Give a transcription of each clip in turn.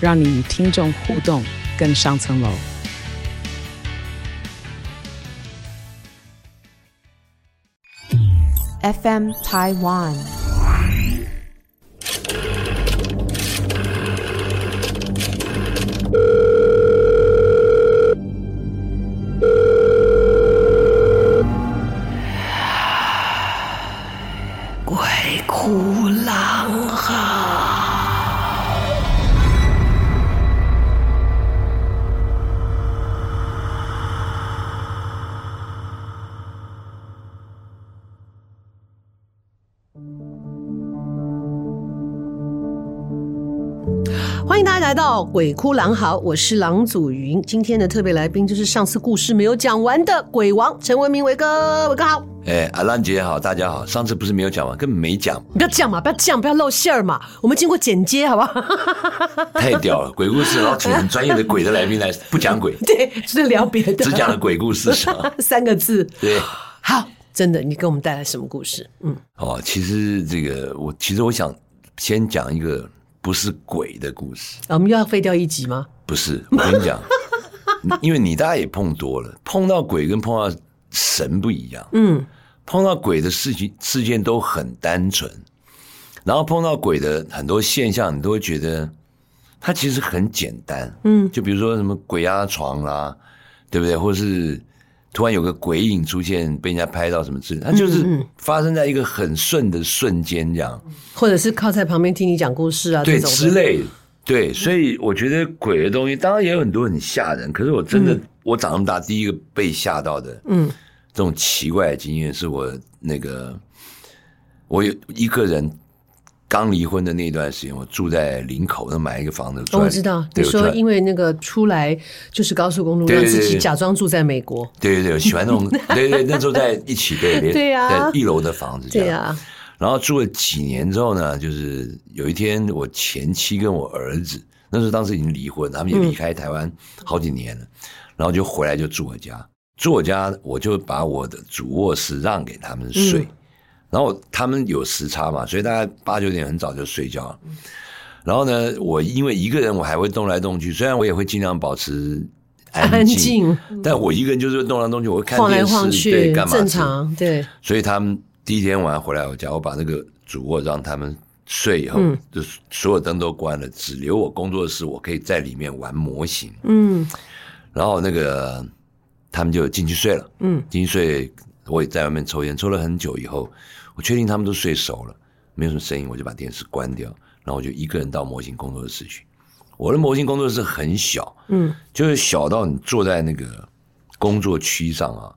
讓你與聽眾互動更上層樓。FM Taiwan。到鬼哭狼嚎，我是郎祖筠。今天的特別來賓就是上次故事沒有講完的鬼王陳為民，為哥，為哥好。哎、欸，阿蘭姐也好，大家好。上次不是沒有講完，根本沒講。不要講嘛，不要講，不要露餡兒嘛。我們經過剪接，好不好？太屌了！鬼故事然後請專業的鬼的來賓來， 不講鬼，對，是聊別的，只講了鬼故事是嗎？ 三個字。對，好，真的，你給我們帶來什麼故事？嗯，哦，其實這個，我其實我想先講一個。不是鬼的故事。啊，我們又要廢掉一集嗎？不是，我跟你講， 因為你大概也碰多了，碰到鬼跟碰到神不一樣。嗯，碰到鬼的事情事件都很單純，然後碰到鬼的很多現象，你都會覺得它其實很簡單。嗯，就比如說什麼鬼壓床啦，啊，對不對？或是。突然有個鬼影出現，被人家拍到什麼之類，他就是發生在一個很順的瞬間，這樣嗯嗯，或者是靠在旁邊聽你講故事啊，對的之類，對，所以我覺得鬼的東西、嗯、當然也有很多很嚇人，可是我真的我長這麼大第一個被嚇到的，嗯，這種奇怪的經驗是我那個我有一個人。剛離婚的那段時間，我住在林口，那買一個房子。哦、我知道對你說，因為那個出來就是高速公路對對對對，讓自己假裝住在美國。對對對，我喜歡那種。 對對那時候在一起對對對啊，在一樓的房子對啊。然後住了幾年之後呢，就是有一天我前妻跟我兒子，那時候當時已經離婚，他們也離開台灣好幾年了，嗯、然後就回來就住我家，住我家我就把我的主臥室讓給他們睡。嗯然後他們有時差嘛，所以大概八九點很早就睡覺了。然後呢，我因為一個人，我還會動來動去。雖然我也會盡量保持安靜，安靜，但我一個人就是會動來動去，我會看電視、晃來晃去，對，幹嘛，正常對。所以他們第一天晚上回來我家，我把那個主臥讓他們睡以後，嗯，就所有燈都關了，只留我工作室，我可以在裡面玩模型。嗯，然後那個他們就進去睡了。嗯，進去睡。我也在外面抽煙，抽了很久以後，我確定他們都睡熟了，沒有什麼聲音，我就把電視關掉，然後我就一個人到模型工作室去。我的模型工作室很小，嗯，就是小到你坐在那個工作區上啊，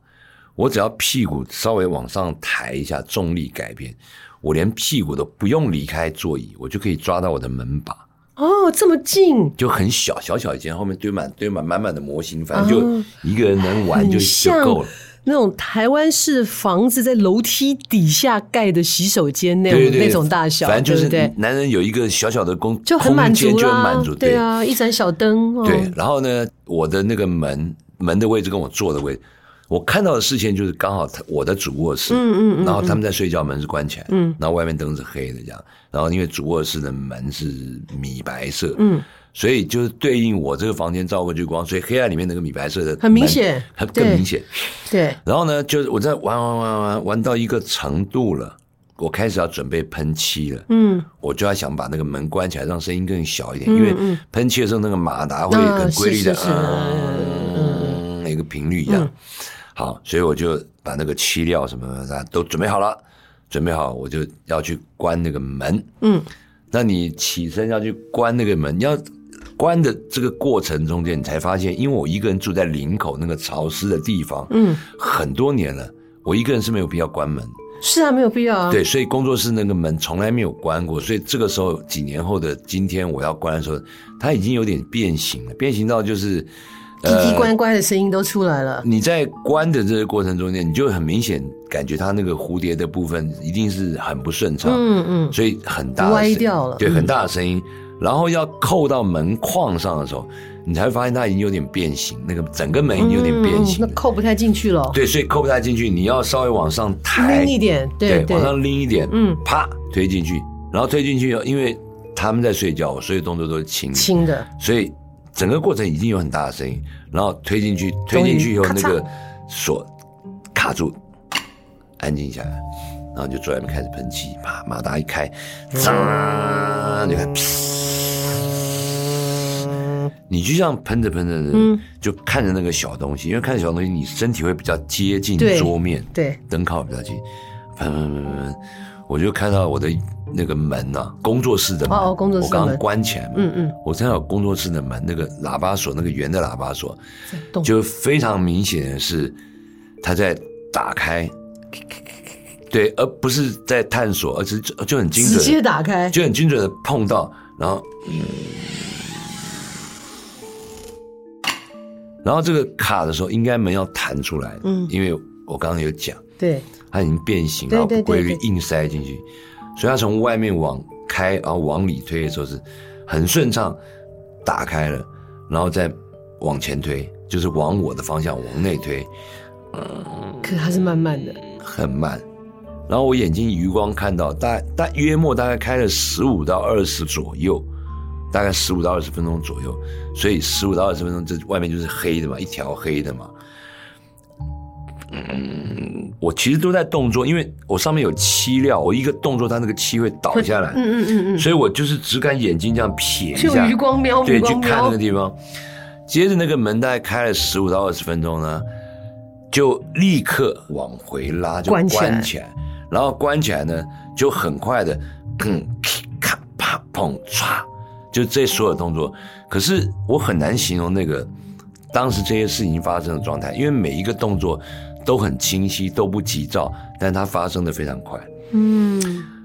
我只要屁股稍微往上抬一下，重力改變，我連屁股都不用離開座椅，我就可以抓到我的門把。哦，這麼近，就很小，小小一間，後面堆滿堆滿滿滿，滿滿的模型，反正就一個人能玩就、哦、就夠了。那種台灣式房子在樓梯底下蓋的洗手間那樣的那種大小，反正就是男人有一個小小的工，就很滿足啊，就很滿足。對啊，對一盞小燈、哦。對，然後呢，我的那個門門的位置跟我坐的位置，我看到的視線就是剛好我的主臥室，嗯嗯，嗯，嗯嗯。然後他們在睡覺，門是關起來，嗯。然後外面燈是黑的，這樣。然後因為主臥室的門是米白色，嗯。所以就是對應我這個房間照過去光，所以黑暗裡面那個米白色的很明顯，更明顯。對。對，然後呢，就是我在玩玩玩玩玩到一個程度了，我開始要準備噴漆了。嗯。我就要想把那個門關起來，讓聲音更小一點，嗯嗯，因為噴漆的時候那個馬達會很規律的啊，是是是是。嗯、那個頻率一樣、嗯。好，所以我就把那個漆料什麼的都準備好了，準備好我就要去關那個門。嗯。那你起身要去關那個門，你要。關的這個過程中間，你才發現，因為我一個人住在林口那個潮濕的地方，嗯，很多年了，我一個人是沒有必要關門，是啊，沒有必要啊。對，所以工作室那個門從來沒有關過，所以這個時候幾年後的今天，我要關的時候，它已經有點變形了，變形到就是呃，奇奇怪怪的聲音都出來了。你在關的這個過程中間，你就很明顯感覺它那個蝴蝶的部分一定是很不順暢，嗯嗯，所以很大的聲音歪掉了，對，很大的聲音。嗯然後要扣到門框上的時候，你才會發現它已經有點變形，那個整個門已經有點變形。嗯，那扣不太進去了。對，所以扣不太進去，你要稍微往上抬，拎一點，對，對，往上拎一點，嗯，啪，推進去，然後推進去以後，因為他們在睡覺，所以動作都是輕，輕的，所以整個過程已經有很大的聲音。然後推進去，推進去以後那個鎖卡住，安靜下來，然後就坐在那邊開始噴氣，啪，馬達一開，滋，你、嗯、看，啪。你就像噴着噴着，嗯，就看着那個小東西，嗯，因為看小東西，你身體會比較接近桌面，對，燈靠的比較近，噴噴噴噴，我就看到我的那個門吶，啊哦哦，工作室的門，我剛剛關起來，嗯嗯，我正好有工作室的門，那個喇叭鎖，那個圓的喇叭鎖，就非常明顯的是，它在打開，嗯，對，而不是在探索，而是就很精準，直接打開，就很精準的碰到，然後。嗯然後這個卡的時候，應該門要彈出來，嗯，因為我剛剛有講，對，它已經變形了，不規律硬塞進去，對對對對，所以它從外面往開，然後往裡推的時候是，很順暢，打開了，然後再往前推，就是往我的方向往內推，嗯，可它是慢慢的，很慢，然後我眼睛餘光看到，大大約莫大概開了十五到二十左右。大概十五到二十分鐘左右，所以十五到二十分鐘，這外面就是黑的嘛，一條黑的嘛。嗯，我其實都在動作，因為我上面有漆料，我一個動作，它那個漆會倒下來。嗯嗯嗯嗯。所以我就是只敢眼睛這樣撇一下，就餘光瞄，對，去看那個地方。接着那個門，大概開了十五到二十分鐘呢，就立刻往回拉，就關，關起來，然後關起來呢，就很快的，砰，咔，啪，砰，唰。就這所有動作，可是我很難形容那個當時這些事情發生的狀態，因為每一個動作都很清晰，都不急躁，但它發生得非常快。嗯，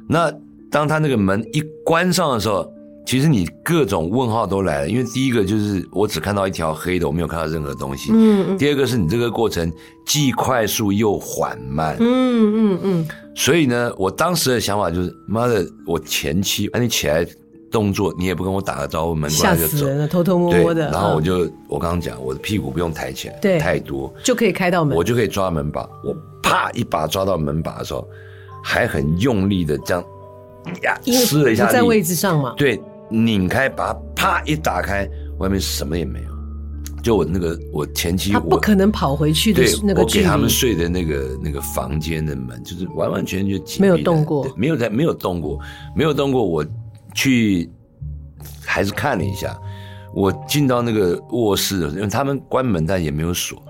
那當它那個門一關上的時候，其實你各種問號都來了，因為第一個就是我只看到一條黑的，我沒有看到任何東西。嗯嗯。第二個是你這個過程既快速又緩慢。嗯嗯嗯。所以呢，我當時的想法就是，媽的，我前期……誒，你起來。動作，你也不跟我打個招呼，門關就走，嚇死人了，偷偷摸摸的。然後我就，我剛剛講，我的屁股不用抬起來，對，太多就可以開到門，我就可以抓門把，我啪一把抓到門把的時候，還很用力的這樣，呀，吃了一下力，在位置上嘛。對，擰開把，啪一打開，外面什麼也沒有，就我那個，我前妻他不可能跑回去的那個距離，對，我給他們睡的那個那個房間的門，就是完完全全就沒有動過，對，沒有在沒有動過，沒有動過我。去，還是看了一下。我進到那個臥室的時候，因為他們關門但也沒有鎖，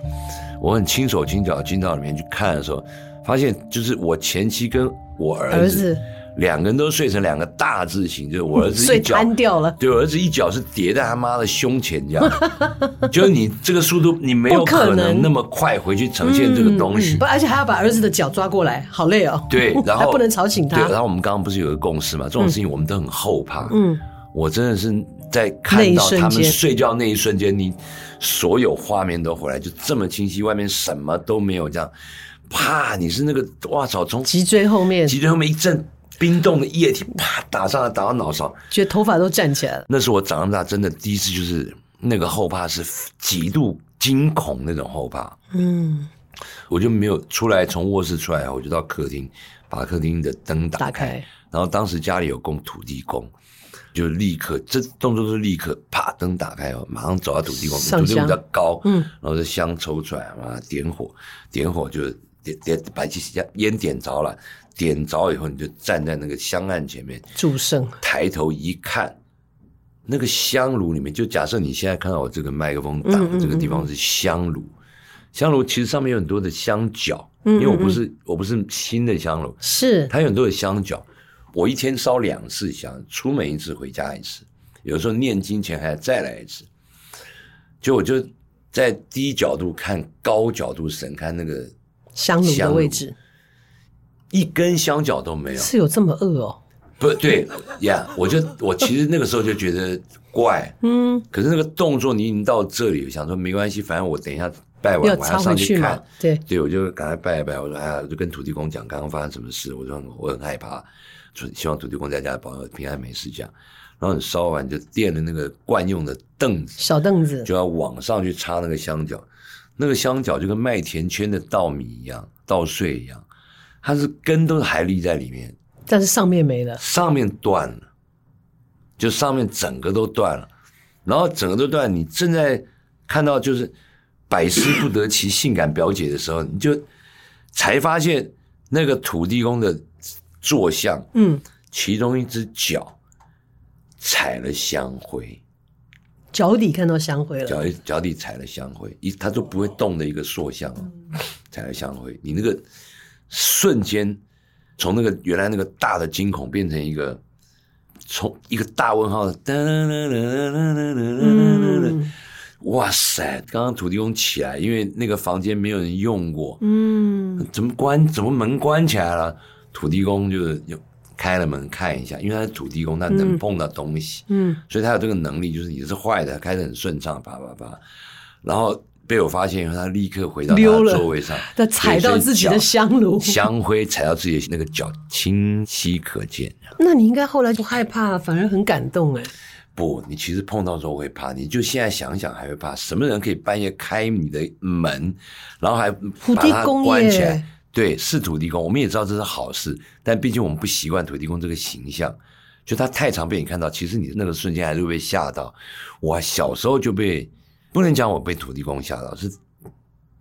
我很輕手輕腳進到裡面去看的時候，發現就是我前妻跟我兒子。兒子兩個人都睡成兩個大字形，就是我兒子一腳、嗯、掉了，對，我兒子一腳是疊在他媽的胸前這樣， 就是你這個速度你沒有可能那麼快回去呈現這個東西不、嗯，不，而且還要把兒子的腳抓過來，好累哦。對，然後還不能吵醒他。對，然後我們剛剛不是有個共識嘛？這種事情我們都很後怕。嗯，我真的是在看到他們睡覺那一瞬間，瞬間你所有畫面都回來，就這麼清晰，外面什麼都沒有，這樣，啪，你是那個哇，草，從脊椎後面，脊椎後面一震。冰凍的液體啪打上了，打到腦上，覺得頭髮都站起來了，那是我長大真的第一次，就是那個後怕是極度驚恐那種後怕。嗯，我就沒有出來，從臥室出來，我就到客廳把客廳的燈打、打開。然後當時家裡有供土地公，就立刻這動作是立刻啪燈打開哦，馬上走到土地公，土地公比較高，嗯，然後就香抽出來嘛，然後點火，點火就點點白起香煙點着了。點着以後，你就站在那個香案前面，祝聖，抬頭一看，那個香爐裡面，就假設你現在看到我這個麥克風擋的這個地方是香爐，嗯嗯嗯，香爐其實上面有很多的香角，嗯嗯嗯，因為我不是我不是新的香爐，是它有很多的香角，我一天燒兩次香，出門一次，回家一次，有時候念經前還要再來一次，就我就在低角度看高角度神看那個香爐的位置。一根香腳都沒有，是有這麼餓哦？不對呀， yeah, 我就我其實那個時候就覺得怪，嗯， 可是那個動作你已經到這裡，我想說沒關係，反正我等一下拜完要插回去嘛，我還要上去看，對，對我就趕快拜一拜，我說哎呀，就跟土地公講剛剛發生什麼事，我說我很害怕，說希望土地公在家保平安沒事講，然後你燒完就墊了那個慣用的凳子，小凳子，就要往上去插那個香腳。那個香腳就跟麥田圈的稻米一樣，稻穗一樣。它是根都還立在裡面，但是上面沒了，上面斷了，就上面整個都斷了，然後整個都斷。你正在看到就是百思不得其性感表姐的時候， 你就才發現那個土地公的坐像，嗯，其中一隻腳踩了香灰，腳、嗯、腳底看到香灰了，腳腳底踩了香灰，一它就不會動的一個塑像了，踩了香灰，你那個。瞬間，從那個原來那個大的驚恐變成一個從一個大問號。哇塞！剛剛土地公起來，因為那個房間沒有人用過。嗯，怎麼關？怎麼門關起來了？土地公就是又開了門看一下，因為他是土地公，他能碰到東西。嗯，嗯，所以他有這個能力，就是你是壞的，開的很順暢，叭叭叭，然後。被我發現以後，他立刻回到他的座位上溜了，他踩到自己的香爐，香灰踩到自己的那個腳，清晰可見。那你應該後來不害怕反而很感動哎？不，你其實碰到的時候會怕，你就現在想想還會怕。什麼人可以半夜開你的門，然後還把他關起來？對，是土地公。我們也知道這是好事，但畢竟我們不習慣土地公這個形象，就他太常被你看到，其實你那個瞬間還是會被嚇到。我小時候就被。不能講我被土地公嚇到，是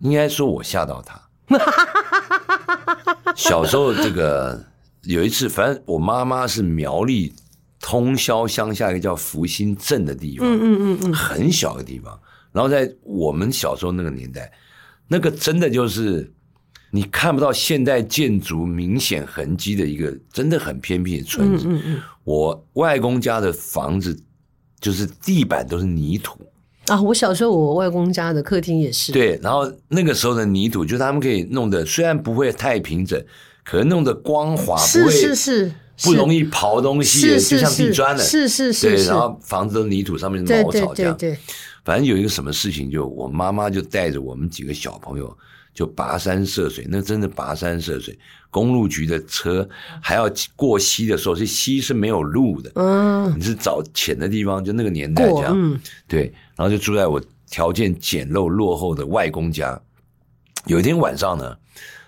應該說我嚇到他。 小時候這個有一次，反正我媽媽是苗栗通霄鄉下一個叫福興鎮的地方，嗯嗯嗯，很小的地方。然後在我們小時候那個年代，那個真的就是你看不到現代建築明顯痕跡的一個真的很偏僻的村子。 我外公家的房子就是地板都是泥土。啊，我小時候我外公家的客廳也是。對，然後那個時候的泥土，就是他們可以弄得雖然不會太平整，可能弄得光滑，不會，是是是，不容易刨東西，是是是是，就像地磚的，是，是是是。對，然後房子的泥土上面茅草這樣。對對，對對對。反正有一個什麼事情，就我媽媽就帶着我們幾個小朋友。就跋山涉水，那真的跋山涉水。公路局的車還要過溪的時候，這溪是沒有路的。你是找淺的地方。就那個年代這樣，對，然後就住在我條件簡陋落後的外公家。有一天晚上呢。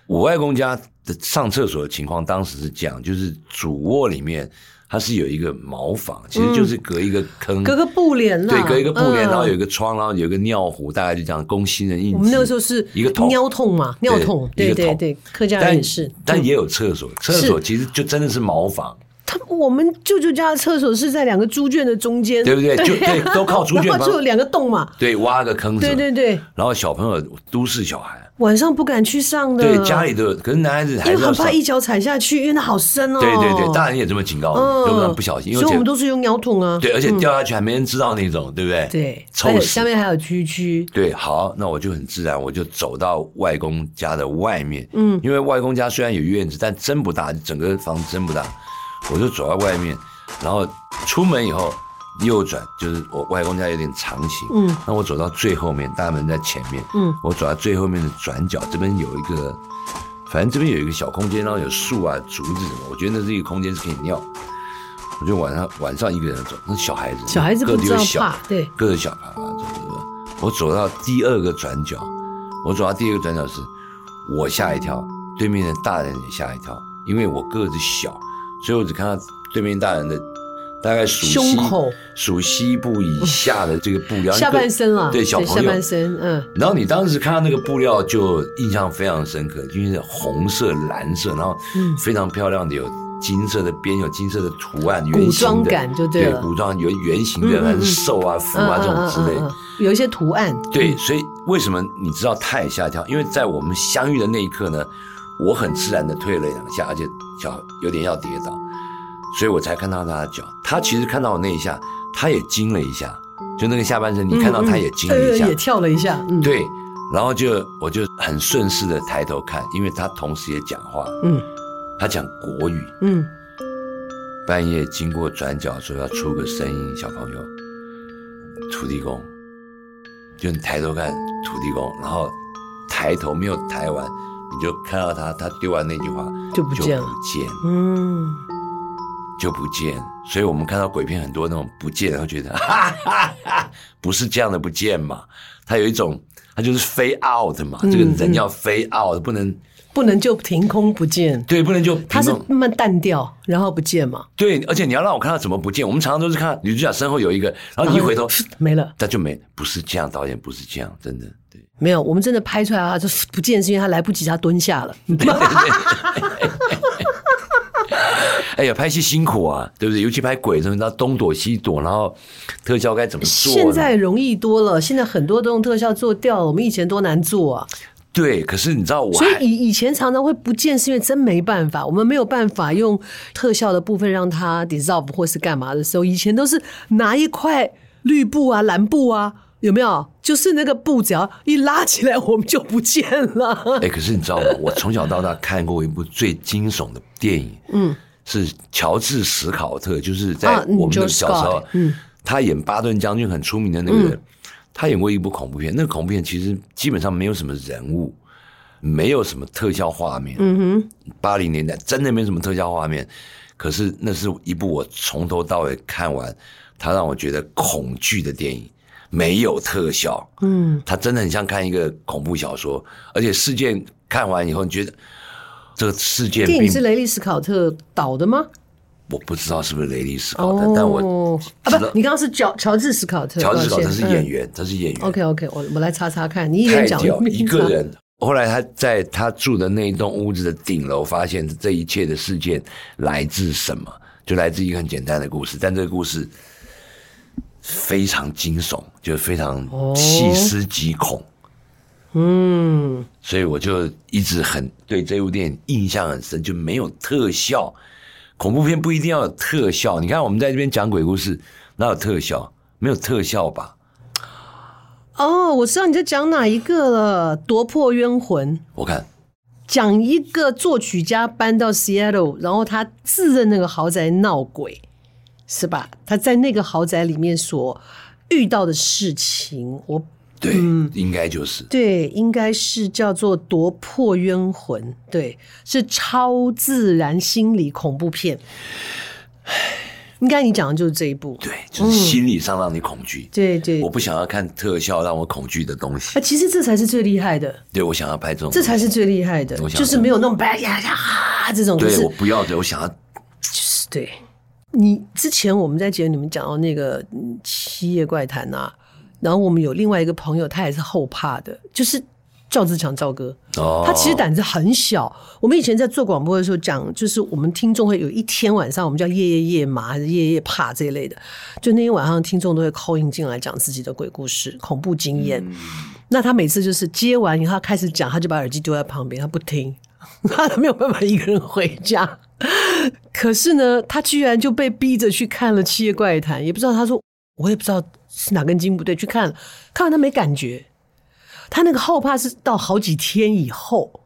我外公家的上廁所的情況，當時是這樣，就是主臥裡面它是有一個茅房、嗯，其實就是隔一個坑，隔個布簾對，隔一個布簾、嗯，然後有一個窗，然後有一個尿壺，大概就這樣。工心的印人，我們那個時候是桶嘛，一個桶尿桶嘛，尿桶，對對對，客家人也是，但、嗯、但也有廁所，廁所其實就真的是茅房是。他我們舅舅家的廁所是在兩個豬圈的中間，對不對，對？就對，都靠豬圈， 然後就兩個洞嘛，對，挖個坑，對，對對對，然後小朋友都市小孩。晚上不敢去上的。對，家裡的，可是男孩子還是要是要很怕一腳踩下去，因為那好深哦。對對對，大人也這麼警告你，要不然不小心。因為我們都是用尿桶啊。對、嗯，而且掉下去還沒人知道那種，對不對？對，臭死。下面還有蛐蛐。對，好，那我就很自然，我就走到外公家的外面。嗯，因為外公家雖然有院子，但真不大，整個房子真不大。我就走到外面，然後出門以後，右轉就是我外公家有點長形，嗯，那我走到最後面，大門在前面，嗯，我走到最後面的轉角，這邊有一個，反正這邊有一個小空間，然後有樹啊、竹子什麼，我覺得那是一個空間是可以尿。我就晚上晚上一個人走，那小孩子，小孩子、那個子又小，對，個子小啊，走走走。我走到第二個轉角，我走到第二個轉角時，我嚇一跳，對面的大人也嚇一跳，因為我個子小，所以我只看到對面大人的。大概屬西，胸口屬西部以下的這個布料，嗯、下半身了。對小朋友，下半身，嗯。然後你當時看到那個布料就印象非常深刻，就、嗯、是紅色、藍色，然後非常漂亮的，有金色的邊，有金色的圖案，圓、嗯、古裝感就對。對，古裝有圓形的、嗯，還是壽啊、福、嗯、啊、啊、啊、啊、啊、啊這種之類啊啊啊啊，有一些圖案。對、嗯，所以為什麼你知道太嚇跳？因為在我們相遇的那一刻呢，我很自然的退了兩下，而且腳有點要跌倒。所以我才看到他的腳。他其實看到我那一下，他也驚了一下，就那個下半身，你看到他也驚了一下。嗯嗯，也跳了一下。對，嗯，然後就我就很順勢的抬頭看，因為他同時也講話。嗯，他講國語。嗯，半夜經過轉角說要出個聲音，小朋友，土地公，就你抬頭看土地公，然後抬頭沒有抬完，你就看到他，他丟完那句話就不見了，就不見了。嗯。就不見，所以我們看到鬼片很多那種不見，然後覺得哈哈哈，不是這樣的不見嘛，他有一種，他就是 fade out 嘛、嗯，這個人要 fade out，不能不能就憑空不見，對，不能就他是慢慢淡掉，然後不見嘛。對，而且你要讓我看他怎麼不見，我們常常都是看女主角身後有一個，然後一回頭、哦、沒了，他就沒，不是這樣，導演不是這樣，真的對。沒有，我們真的拍出來啊，就是不見，是因為他來不及，他蹲下了。哎呀，拍戲辛苦啊，對不對？尤其拍鬼什麼，那東躲西躲，然後特效該怎麼做呢？現在容易多了，現在很多都用特效做掉了。我們以前多難做啊！對，可是你知道我，所以以以前常常會不見，是因為真沒辦法，我們沒有辦法用特效的部分讓它 dissolve 或是幹嘛的時候，以前都是拿一塊綠布啊、藍布啊，有沒有？就是那個布只要一拉起來，我們就不見了。 哎，可是你知道嗎？我從小到大看過一部最驚悚的電影，嗯。是喬治·史考特，就是在我們的小時候，嗯，他演巴頓將軍很出名的那個，他演過一部恐怖片。那個恐怖片其實基本上沒有什麼人物，沒有什麼特效畫面。嗯哼，八零年代真的沒什麼特效畫面。可是那是一部我從頭到尾看完，他讓我覺得恐懼的電影，沒有特效。嗯，他真的很像看一個恐怖小說，而且事件看完以後，你覺得？這個事件。電影是雷利斯考特導的嗎？我不知道是不是雷利斯考特，但、哦、我啊不，你剛剛是喬喬治斯考特。喬治斯考特他是演員、嗯他是演員嗯，他是演員。OK OK，我我來查查看。你一人講一個人。 後來他在他住的那一棟屋子的頂樓，發現這一切的事件來自什麼？就來自一個很簡單的故事，但這個故事非常驚悚，就非常細思極恐。哦嗯，所以我就一直很對這部電影印象很深，就沒有特效。恐怖片不一定要有特效，你看我們在這邊講鬼故事，哪有特效？沒有特效吧？哦，我知道你在講哪一個了，《奪魄冤魂》。我看，講一個作曲家搬到 Seattle，然後他自認那個豪宅鬧鬼，是吧？他在那個豪宅裡面所遇到的事情，我。對，嗯，應該就是，對，應該就是對，應該是叫做奪魄冤魂，對，是超自然心理恐怖片，應該你講的就是這一部，對，就是心理上讓你恐懼，嗯、對，對對。我不想要看特效讓我恐懼的東西，啊。其實這才是最厲害的。對，我想要拍這種，這才是最厲害的，就是沒有那種“白呀呀這種。對，我不要的，我想要就是對。你之前我們在節目裡面講到那個《七夜怪談》啊。然後我們有另外一個朋友，他也是後怕的，就是趙志強趙哥，他其實膽子很小、哦。我們以前在做廣播的時候講，就是我們聽眾會有一天晚上，我們叫夜夜夜麻還是夜夜怕這一類的，就那天晚上聽眾都會 call in 進來講自己的鬼故事、恐怖經驗、嗯。那他每次就是接完以後他開始講，他就把耳機丟在旁邊，他不聽，他都沒有辦法一個人回家。可是呢，他居然就被逼着去看了《七夜怪談》，也不知道他說。我也不知道是哪根筋不對，去看，看完他沒感覺，他那個後怕是到好幾天以後，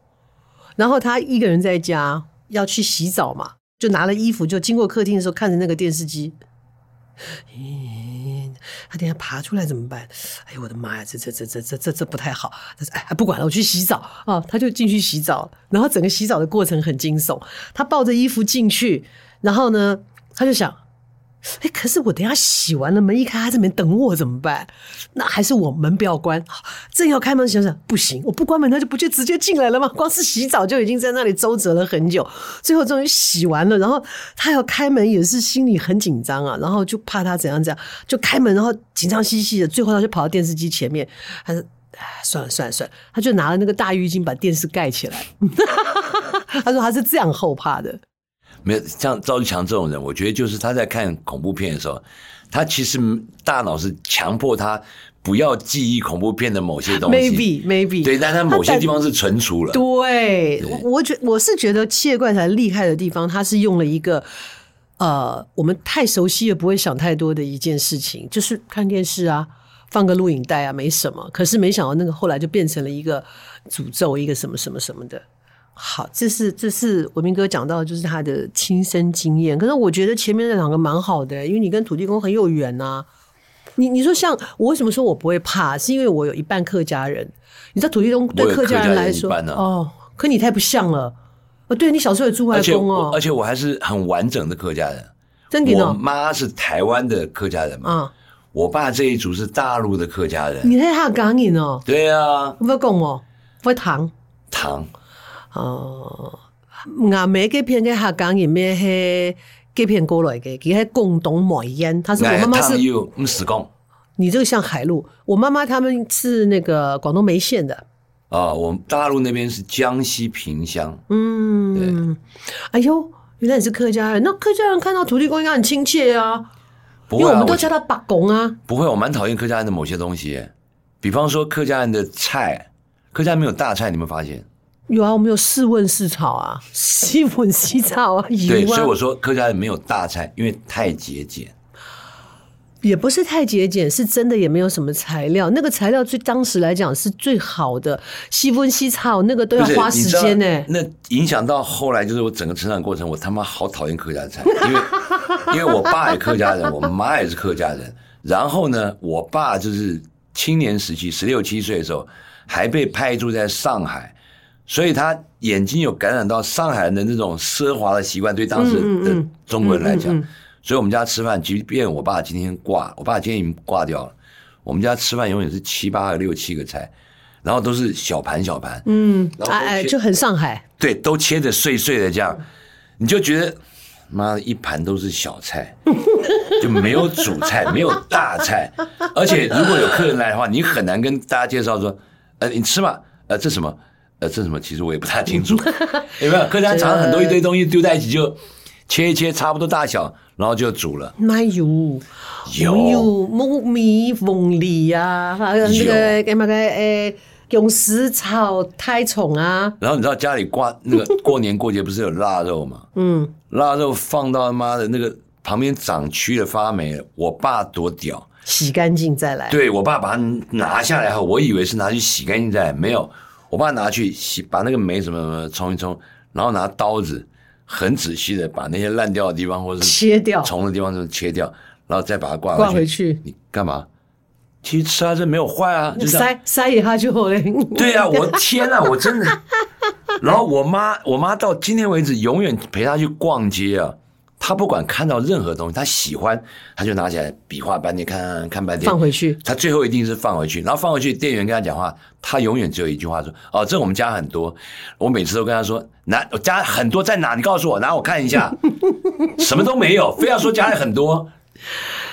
然後他一個人在家要去洗澡嘛，就拿了衣服，就經過客廳的時候看着那個電視機，嗯，嗯，他等下爬出來怎麼辦？哎呦我的媽呀，這這這這這這這不太好。他說哎，不管了，我去洗澡啊，他就進去洗澡，然後整個洗澡的過程很驚悚，他抱着衣服進去，然後呢，他就想。誒可是我等一下洗完了門一開，他在門等我怎麼辦？那還是我門不要關，正要開門想想不行，我不關門他就不就直接進來了嗎？光是洗澡就已經在那裡周折了很久，最後終於洗完了，然後他要開門也是心裡很緊張啊，然後就怕他怎樣怎樣，就開門然後緊張兮兮的，最後他就跑到電視機前面，他說：“算了算了算了，他就拿了那個大浴巾把電視蓋起來。 ”他說他是這樣後怕的。沒有像趙志強這種人，我覺得就是他在看恐怖片的時候，他其實大腦是強迫他不要記憶恐怖片的某些東西。Maybe，Maybe maybe。對，但他某些地方是存儲了。對，對，我覺我，我是覺得《七夜怪談》厲害的地方，他是用了一個呃，我們太熟悉也不會想太多的一件事情，就是看電視啊，放個錄影帶啊，沒什麼。可是沒想到那個後來就變成了一個詛咒，一個什麼什麼什麼的。好，這是這是為民哥講到，就是他的親身經驗。可是我覺得前面那兩個蠻好的，欸，因為你跟土地公很有緣吶、啊。你你說像我為什麼說我不會怕，是因為我有一半客家人。你知道土地公對客家人來說，我一半、啊、哦，可你太不像了。哦，對你小時候也住外公哦、啊，而且我還是很完整的客家人。真的嗎？我媽是台灣的客家人嘛、啊？我爸這一組是大陸的客家人。你太講你了。對啊，不會講哦，不會糖。糖。哦，我尾這片的下崗裡面是這片過來的共同，它是廣東梅縣。他是我媽媽是，你是你這個像海陸，我媽媽他們是那個廣東梅縣的啊、哦。我大陸那邊是江西萍鄉。嗯對，哎呦，原來你是客家人。那客家人看到土地公應該很親切啊。不會啊，因為我們都叫他伯公啊。不會，我蠻討厭客家人的某些東西，比方說客家人的菜，客家人沒有大菜，你有沒有發現？有啊，我們有四炆四炒啊，細炆細炒啊，一萬、啊。對，所以我說客家人沒有大菜，因為太節儉。也不是太節儉，是真的也沒有什麼材料。那個材料最當時來講是最好的，細炆細炒，那個都要花時間呢、欸。那影響到後來，就是我整個成長過程，我他媽好討厭客家菜，因為 因為我爸也客家人，我媽也是客家人。然後呢，我爸就是青年時期十六七歲的時候，還被派駐在上海。所以他眼睛，有感染到上海人的這種奢華的習慣，對當時的中國人來講，嗯嗯嗯，所以我們家吃飯，即便我爸今天掛，我爸今天已經掛掉了，我們家吃飯永遠是七八個六七個菜，然後都是小盤小盤，嗯，嗯，哎哎就很上海，對，都切的碎碎的這樣，你就覺得媽的，一盤都是小菜， 就沒有主菜，沒有大菜，而且如果有客人來的話，你很難跟大家介紹說，呃，你吃嘛，呃，這什麼？啊、這什麼？其實我也不太清楚。有沒有客 家常，常很多一堆東西丟在一起就切一切，差不多大小，然後就煮了。那有有夢米鳳梨啊，還有那個幹嘛的？誒，用食草菜蟲啊。然後你知道家裡掛那個過年過節不是有臘肉嗎？嗯，臘肉放到媽的那個旁邊長蛆了，發霉了。我爸多屌，洗乾淨再來。對我爸，爸把它拿下來後，我以為是拿去洗乾淨再來，沒有。我爸拿去洗，把那個黴什麼什麼沖一沖，然後拿刀子很仔細的把那些爛掉的地方或是切掉，蟲的地方就切掉，然後再把它掛掛回去，掛回去。你幹嘛？其實吃啊？這沒有壞啊？就塞塞一下就好了。對啊，我天啊，我真的。 然後我媽，我媽到今天為止永遠陪她去逛街啊。他不管看到任何東西，他喜歡，他就拿起來比劃半天看，看看半天，放回去。他最後一定是放回去，然後放回去，店員跟他講話，他永遠只有一句話說：“哦，這我們家很多。”我每次都跟他說：“我家很多在哪？你告訴我，拿我看一下。 ”什麼都沒有，非要說家裡很多。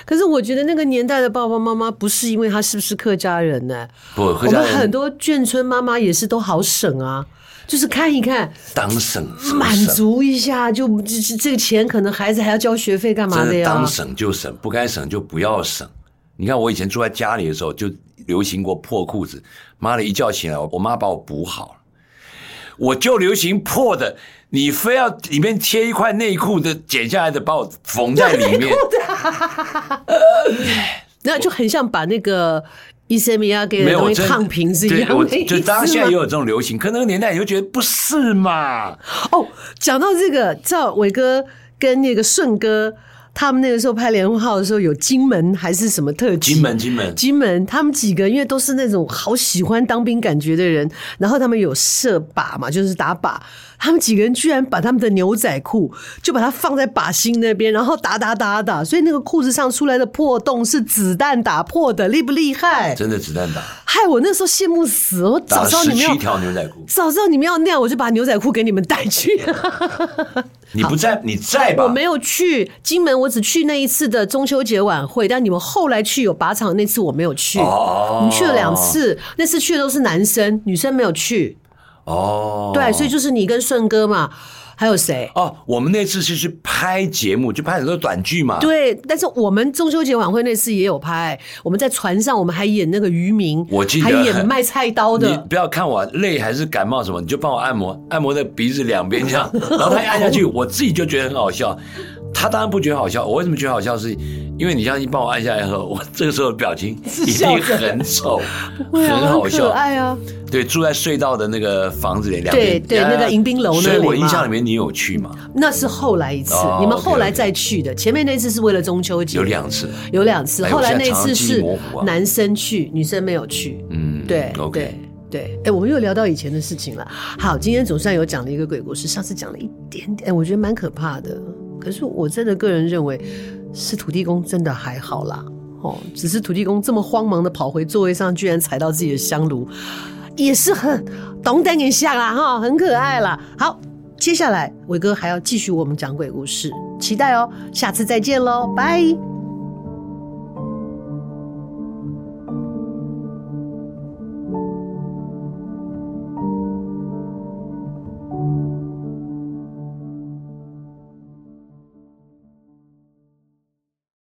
可是我覺得那個年代的爸爸媽媽不是因為他是不是客家人呢、欸？不，客家人，我們很多眷村媽媽也是都好省啊。就是看一看，當省，滿足一下，就這這個錢可能孩子還要交學費幹嘛的呀、啊？當省就省，不該省就不要省。你看我以前住在家裡的時候，就流行過破褲子，媽的，一覺醒來，我我媽把我補好了，我就流行破的，你非要裡面貼一塊內褲的剪下來的，把我縫在裡面， 那就很像把那個。一些米亞給的東西燙平是一樣，就當下也有這種流行， 可能那個年代你就覺得不是嘛？哦，講到這個，趙偉哥跟那個順哥。他們那個時候拍《連環號》的時候，有金門還是什麼特區？金門，金門，金門。他們幾個因為都是那種好喜歡當兵感覺的人，然後他們有射靶嘛，就是打靶。他們幾個人居然把他們的牛仔褲就把它放在靶心那邊，然後打打打打，所以那個褲子上出來的破洞是子彈打破的，厲不厲害？真的子彈打，害我那時候羨慕死我，早知道你們要一條牛仔褲，早知道你們要那樣，我就把牛仔褲給你們帶去。 你不在，你在吧？我沒有去金門，我只去那一次的中秋節晚會。但你們後來去有靶場那次我沒有去，你、oh. 去了兩次，那次去的都是男生，女生沒有去。哦、oh.，對，所以就是你跟順哥嘛。還有誰？哦，我們那次是去拍節目，就拍很多短劇嘛。對，但是我們中秋節晚會那次也有拍，我們在船上，我們還演那個漁民，我記得還演賣菜刀的。你不要看我，啊、累，還是感冒什麼，你就幫我按摩，按摩在鼻子兩邊這樣。然後他一按下去， 我自己就覺得很好笑。他當然不覺得好笑，我為什麼覺得好笑？是，因為你相信幫我按下來以後，我這個時候的表情已經很醜， 很好笑， 很可愛、啊。對，住在隧道的那個房子裡，兩邊對對，那個迎賓樓那裡所以，我印象裡面你有去嗎？那是後來一次，哦、你們後來再去的。Okay okay. 前面那次是為了中秋節。有兩次。有兩次。哎、後來那次是男生去、啊，女生沒有去。嗯，對對、okay. 對，哎，我們又聊到以前的事情了。好，今天總算有講了一個鬼故事，上次講了一點點，哎，我覺得蠻可怕的。可是我真的個人認為，是土地公真的還好啦，哦，只是土地公這麼慌忙的跑回座位上，居然踩到自己的香爐，也是很懂等你像啦，哈，很可愛啦。好，接下來為哥還要繼續為我們講鬼故事，期待哦、喔，下次再見嘍，拜。